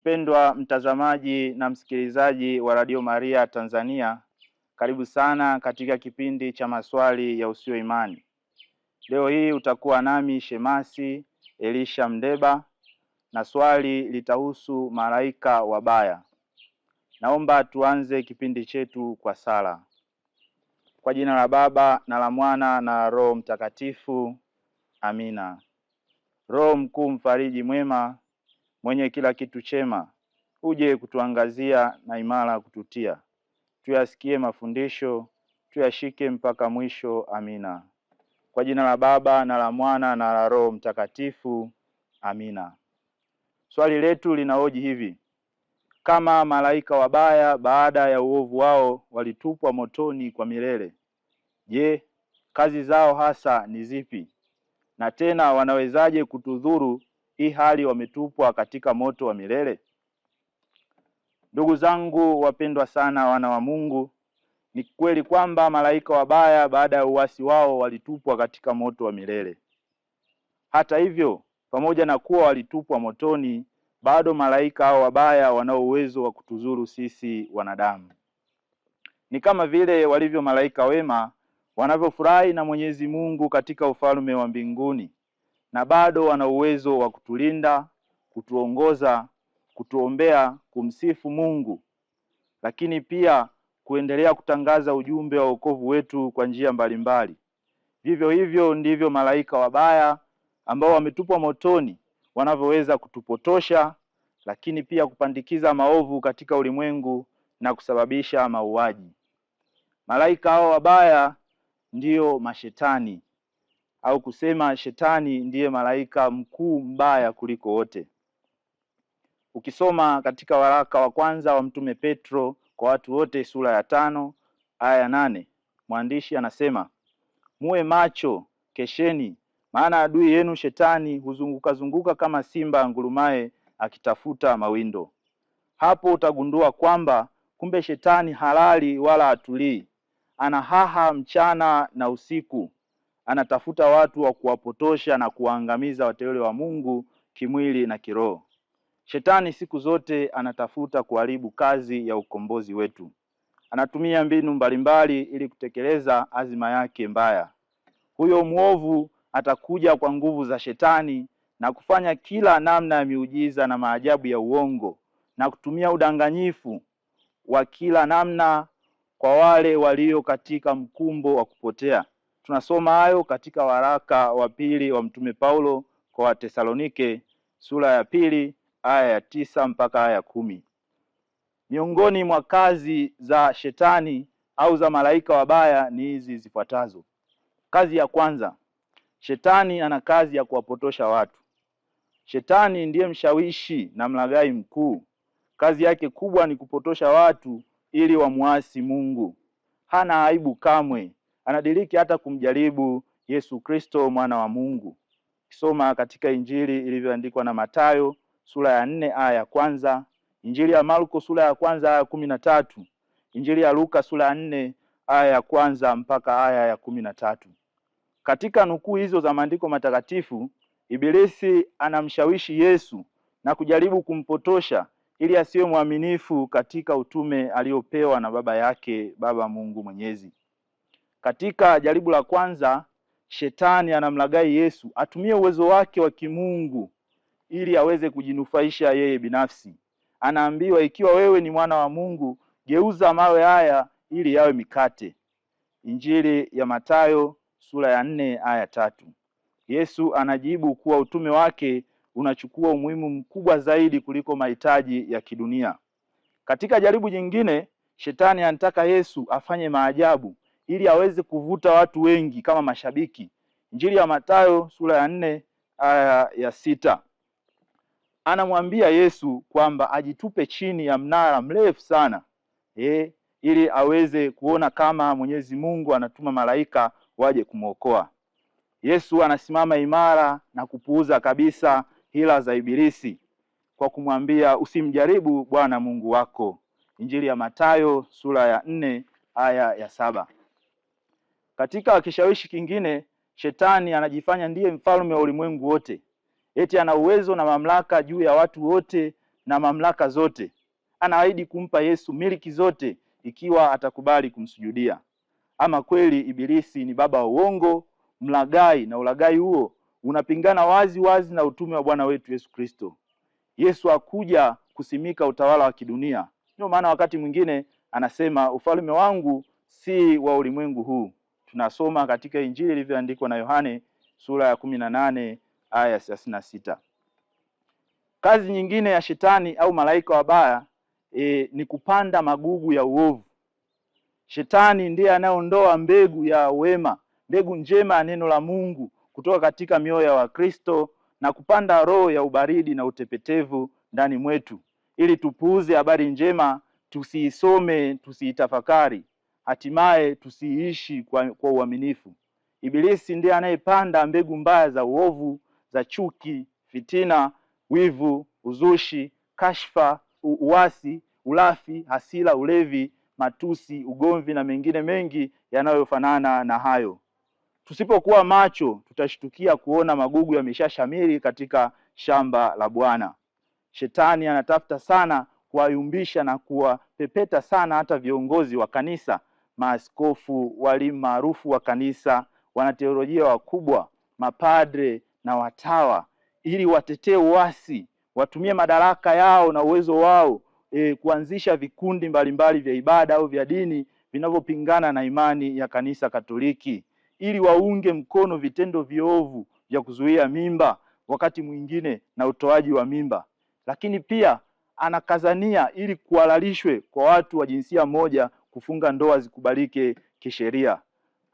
Mpendwa mtazamaji na msikilizaji wa Radio Maria Tanzania, karibu sana katika kipindi cha maswali ya usio imani. Leo hii utakuwa nami Shemasi Elisha Mdeba na swali litahusu malaika wabaya. Naomba tuanze kipindi chetu kwa sala. Kwa jina la Baba na la Mwana na Roho Mtakatifu, amina. Roho mkuu, mfariji mwema mwenye kila kitu chema, uje kutuangazia na imara kututia, tuyasikie mafundisho tuyashike mpaka mwisho. Amina. Kwa jina la Baba na la Mwana na la Roho Mtakatifu. Amina. Swali letu linahoji hivi: kama malaika wabaya baada ya uovu wao walitupwa motoni kwa milele, je, kazi zao hasa ni zipi? Na tena wanawezaje kutudhuru hii hali wametupwa katika moto wa milele? Ndugu zangu wapendwa sana, wana wa Mungu, ni kweli kwamba malaika wabaya baada ya uasi wao walitupwa katika moto wa milele. Hata hivyo, pamoja na kuwa walitupwa motoni, bado malaika hao wabaya wanao uwezo wa kutuzuru sisi wanadamu. Ni kama vile walivyo malaika wema wanavyofurahi na Mwenyezi Mungu katika ufalme wa mbinguni na bado wana uwezo wa kutulinda, kutuongoza, kutuombea, kumsifu Mungu, lakini pia kuendelea kutangaza ujumbe wa wokovu wetu kwa njia mbalimbali. Vivyo hivyo ndivyo malaika wabaya ambao wametupwa motoni wanavyoweza kutupotosha, lakini pia kupandikiza maovu katika ulimwengu na kusababisha mauaji. Malaika hao wabaya ndiyo mashetani au kusema shetani ndiye malaika mkuu mbaya kuliko wote. Ukisoma katika waraka wa kwanza wa Mtume Petro kwa watu wote sura ya tano aya nane mwandishi anasema muwe macho, kesheni, maana adui yenu shetani huzunguka zunguka kama simba angurumaye akitafuta mawindo. Hapo utagundua kwamba kumbe shetani halali wala hatulii, ana haha mchana na usiku anatafuta watu wa kuwapotosha na kuwaangamiza wateule wa Mungu kimwili na kiroho. Shetani siku zote anatafuta kuharibu kazi ya ukombozi wetu. Anatumia mbinu mbalimbali ili kutekeleza azima yake mbaya. Huyo mwovu atakuja kwa nguvu za shetani na kufanya kila namna ya miujiza na maajabu ya uongo na kutumia udanganyifu wa kila namna kwa wale walio katika mkumbo wa kupotea. Tunasoma hayo katika waraka wa pili wa Mtume Paulo kwa Watesalonike sura ya pili aya ya tisa mpaka aya ya kumi. Miongoni mwa kazi za shetani au za malaika wabaya ni hizi zifuatazo. Kazi ya kwanza, shetani ana kazi ya kuwapotosha watu. Shetani ndiye mshawishi na mlaghai mkuu. Kazi yake kubwa ni kupotosha watu ili wamwasi Mungu. Hana aibu kamwe anadiriki hata kumjaribu Yesu Kristo mwana wa Mungu. Kisoma katika Injili ilivyoandikwa na Mathayo sura ya nne aya ya kwanza, Injili ya Marko sura ya kwanza aya ya kumi na tatu, Injili ya Luka sura ya nne aya ya kwanza mpaka aya ya kumi na tatu. Katika nukuu hizo za maandiko matakatifu, Ibilisi anamshawishi Yesu na kujaribu kumpotosha ili asiwe mwaminifu katika utume aliopewa na baba yake, Baba Mungu Mwenyezi. Katika jaribu la kwanza, shetani anamlagai Yesu atumie uwezo wake wa kimungu ili aweze kujinufaisha yeye binafsi. Anaambiwa, ikiwa wewe ni mwana wa Mungu, geuza mawe haya ili yawe mikate. Injili ya Mathayo sura ya nne aya tatu. Yesu anajibu kuwa utume wake unachukua umuhimu mkubwa zaidi kuliko mahitaji ya kidunia. Katika jaribu jingine, shetani anataka Yesu afanye maajabu ili aweze kuvuta watu wengi kama mashabiki. Injili ya Mathayo sura ya nne aya ya sita anamwambia Yesu kwamba ajitupe chini ya mnara mrefu sana e, ili aweze kuona kama Mwenyezi Mungu anatuma malaika waje kumwokoa. Yesu anasimama imara na kupuuza kabisa hila za Ibilisi kwa kumwambia usimjaribu Bwana Mungu wako. Injili ya Mathayo sura ya nne aya ya saba. Katika kishawishi kingine, shetani anajifanya ndiye mfalme wa ulimwengu wote, eti ana uwezo na mamlaka juu ya watu wote na mamlaka zote. Anaahidi kumpa Yesu miliki zote ikiwa atakubali kumsujudia. Ama kweli, Ibilisi ni baba wa uongo, mlagai, na ulagai huo unapingana wazi wazi na utume wa Bwana wetu Yesu Kristo. Yesu hakuja kusimika utawala wa kidunia. Ndio maana wakati mwingine anasema, ufalme wangu si wa ulimwengu huu tunasoma katika Injili ilivyoandikwa na Yohane sura ya kumi na nane aya thelathini na sita. Kazi nyingine ya shetani au malaika wabaya e, ni kupanda magugu ya uovu. Shetani ndiye anayeondoa mbegu ya wema, mbegu njema ya neno la Mungu kutoka katika mioyo ya Wakristo na kupanda roho ya ubaridi na utepetevu ndani mwetu, ili tupuuze habari njema, tusiisome, tusiitafakari hatimaye tusiishi kwa, kwa uaminifu. Ibilisi ndiye anayepanda mbegu mbaya za uovu, za chuki, fitina, wivu, uzushi, kashfa, uasi, ulafi, hasira, ulevi, matusi, ugomvi na mengine mengi yanayofanana na hayo. Tusipokuwa macho, tutashtukia kuona magugu yameshashamiri katika shamba la Bwana. Shetani anatafuta sana kuwayumbisha na kuwapepeta sana hata viongozi wa kanisa maaskofu, walimu maarufu wa kanisa, wanateolojia wakubwa, mapadre na watawa, ili watetee uasi, watumie madaraka yao na uwezo wao e, kuanzisha vikundi mbalimbali vya ibada au vya dini vinavyopingana na imani ya kanisa Katoliki ili waunge mkono vitendo viovu vya kuzuia mimba, wakati mwingine na utoaji wa mimba. Lakini pia anakazania ili kuhalalishwe kwa watu wa jinsia moja kufunga ndoa zikubalike kisheria.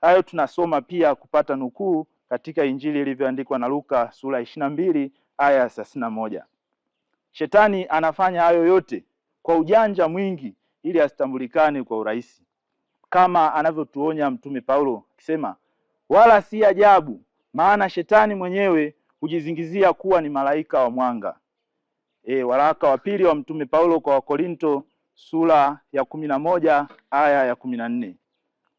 Hayo tunasoma pia kupata nukuu katika Injili ilivyoandikwa na Luka sura ishirini na mbili aya ya thelathini na moja. Shetani anafanya hayo yote kwa ujanja mwingi ili asitambulikane kwa urahisi, kama anavyotuonya Mtume Paulo akisema, wala si ajabu, maana shetani mwenyewe hujizingizia kuwa ni malaika wa mwanga. E, waraka wa pili wa Mtume Paulo kwa Wakorinto sura ya kumi na moja aya ya kumi na nne.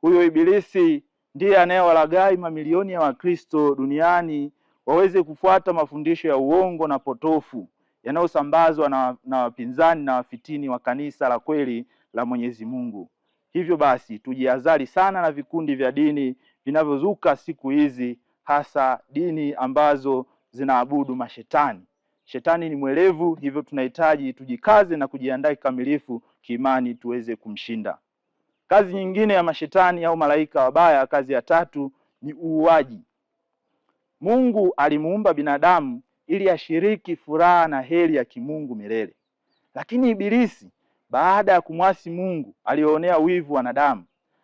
Huyo Ibilisi ndiye anayewalagai mamilioni ya Wakristo duniani waweze kufuata mafundisho ya uongo na potofu yanayosambazwa na, na wapinzani na wafitini wa kanisa la kweli la Mwenyezi Mungu. Hivyo basi tujihadhari sana na vikundi vya dini vinavyozuka siku hizi, hasa dini ambazo zinaabudu mashetani. Shetani ni mwerevu, hivyo tunahitaji tujikaze na kujiandaa kikamilifu kiimani tuweze kumshinda. Kazi nyingine ya mashetani au malaika wabaya, kazi ya tatu ni uuaji. Mungu alimuumba binadamu ili ashiriki furaha na heri ya kimungu milele, lakini Ibilisi baada ya kumwasi Mungu alionea wivu wanadamu.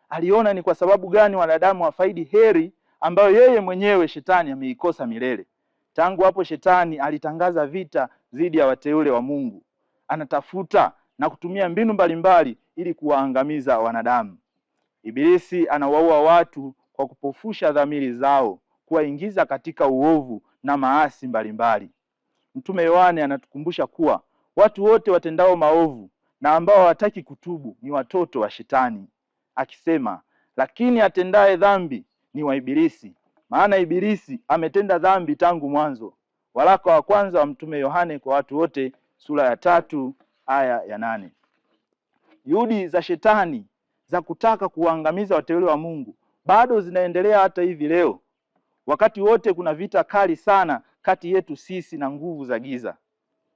Aliona ni kwa sababu gani wanadamu wafaidi heri ambayo yeye mwenyewe shetani ameikosa milele. Tangu hapo shetani alitangaza vita dhidi ya wateule wa Mungu. Anatafuta na kutumia mbinu mbalimbali ili kuwaangamiza wanadamu. Ibilisi anawaua watu kwa kupofusha dhamiri zao, kuwaingiza katika uovu na maasi mbalimbali. Mtume Yohane anatukumbusha kuwa watu wote watendao maovu na ambao hawataki kutubu ni watoto wa shetani, akisema, lakini atendaye dhambi ni wa Ibilisi, maana Ibilisi ametenda dhambi tangu mwanzo. Waraka wa kwanza wa Mtume Yohane kwa watu wote sura ya tatu aya ya nane. Juhudi za shetani za kutaka kuwaangamiza wateule wa Mungu bado zinaendelea hata hivi leo. Wakati wote kuna vita kali sana kati yetu sisi na nguvu za giza.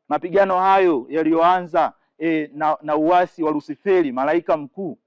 Mapigano hayo yaliyoanza e, na, na uasi wa Lusiferi malaika mkuu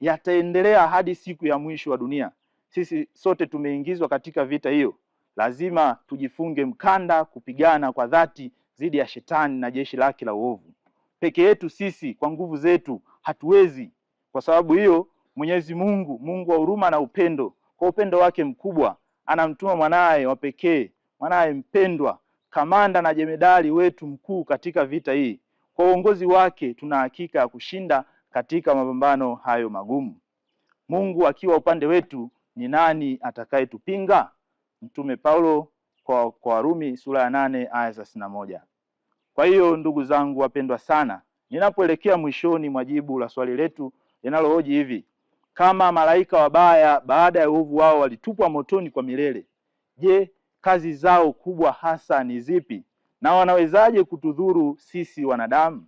yataendelea hadi siku ya mwisho wa dunia sisi sote tumeingizwa katika vita hiyo, lazima tujifunge mkanda kupigana kwa dhati dhidi ya shetani na jeshi lake la uovu. Peke yetu sisi kwa nguvu zetu hatuwezi. Kwa sababu hiyo, Mwenyezi Mungu, Mungu wa huruma na upendo, kwa upendo wake mkubwa anamtuma mwanaye wa pekee, mwanaye mpendwa, kamanda na jemedali wetu mkuu katika vita hii. Kwa uongozi wake tuna hakika ya kushinda katika mapambano hayo magumu. Mungu akiwa upande wetu ni nani atakayetupinga? Mtume Paulo kwa kwa Warumi sura ya nane aya thelathini na moja. Kwa hiyo ndugu zangu wapendwa sana, ninapoelekea mwishoni mwa jibu la swali letu linalohoji hivi, kama malaika wabaya baada ya uovu wao walitupwa motoni kwa milele, je, kazi zao kubwa hasa ni zipi na wanawezaje kutudhuru sisi wanadamu?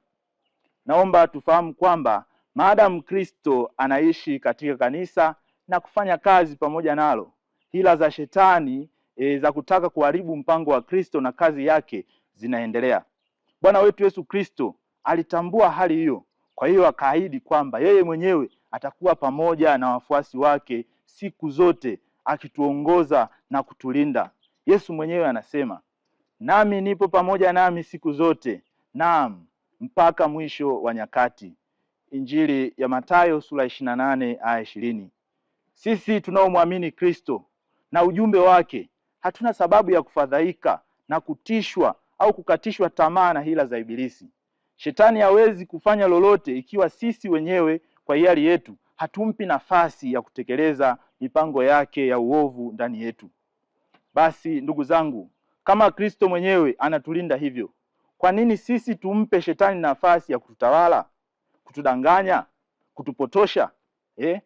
Naomba tufahamu kwamba maadamu Kristo anaishi katika kanisa na kufanya kazi pamoja nalo. Hila za shetani e, za kutaka kuharibu mpango wa Kristo na kazi yake zinaendelea. Bwana wetu Yesu Kristo alitambua hali hiyo, kwa hiyo akaahidi kwamba yeye mwenyewe atakuwa pamoja na wafuasi wake siku zote akituongoza na kutulinda. Yesu mwenyewe anasema, nami nipo pamoja nami siku zote, naam mpaka mwisho wa nyakati. Injili ya Mathayo sura 28 aya 20. Sisi tunaomwamini Kristo na ujumbe wake hatuna sababu ya kufadhaika na kutishwa au kukatishwa tamaa na hila za Ibilisi. Shetani hawezi kufanya lolote ikiwa sisi wenyewe kwa hiari yetu hatumpi nafasi ya kutekeleza mipango yake ya uovu ndani yetu. Basi ndugu zangu, kama Kristo mwenyewe anatulinda hivyo, kwa nini sisi tumpe shetani nafasi ya kututawala, kutudanganya, kutupotosha eh?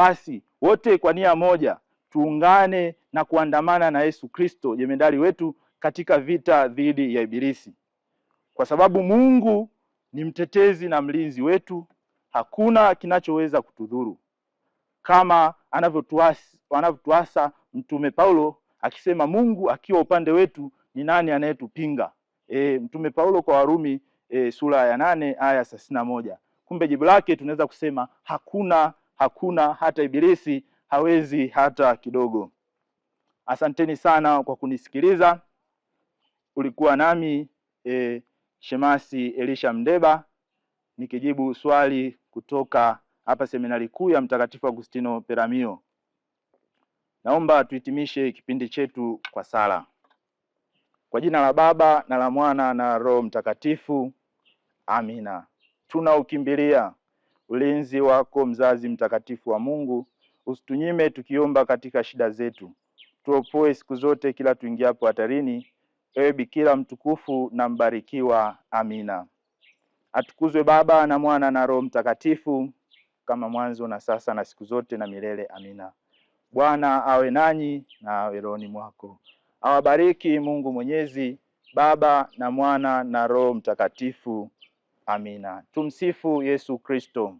Basi wote kwa nia moja tuungane na kuandamana na Yesu Kristo jemedari wetu katika vita dhidi ya Ibilisi, kwa sababu Mungu ni mtetezi na mlinzi wetu. Hakuna kinachoweza kutudhuru, kama anavyotuasa anavyotuasa Mtume Paulo akisema, Mungu akiwa upande wetu ni nani anayetupinga? E, Mtume Paulo kwa Warumi e, sura ya nane aya thelathini na moja. Kumbe jibu lake tunaweza kusema hakuna hakuna hata ibilisi hawezi hata kidogo. Asanteni sana kwa kunisikiliza. Ulikuwa nami e, Shemasi Elisha Mdeba nikijibu swali kutoka hapa seminari kuu ya Mtakatifu Agustino Peramio. Naomba tuhitimishe kipindi chetu kwa sala. Kwa jina la Baba na la Mwana na Roho Mtakatifu, amina. Tunaukimbilia ulinzi wako mzazi mtakatifu wa Mungu, usitunyime tukiomba katika shida zetu, tuopoe siku zote kila tuingiapo hatarini, ewe Bikira mtukufu na mbarikiwa. Amina. Atukuzwe Baba na Mwana na Roho Mtakatifu, kama mwanzo na sasa na siku zote na milele. Amina. Bwana awe nanyi na awe rohoni mwako. Awabariki Mungu Mwenyezi, Baba na Mwana na Roho Mtakatifu. Amina. Tumsifu Yesu Kristo.